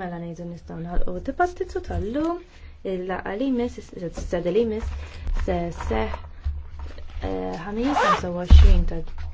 Mela nejdu nistaw nħalqu dibattitu tal-lum il-laqa li mis, s-sada li mis, s-seħ ħamis 25 ta'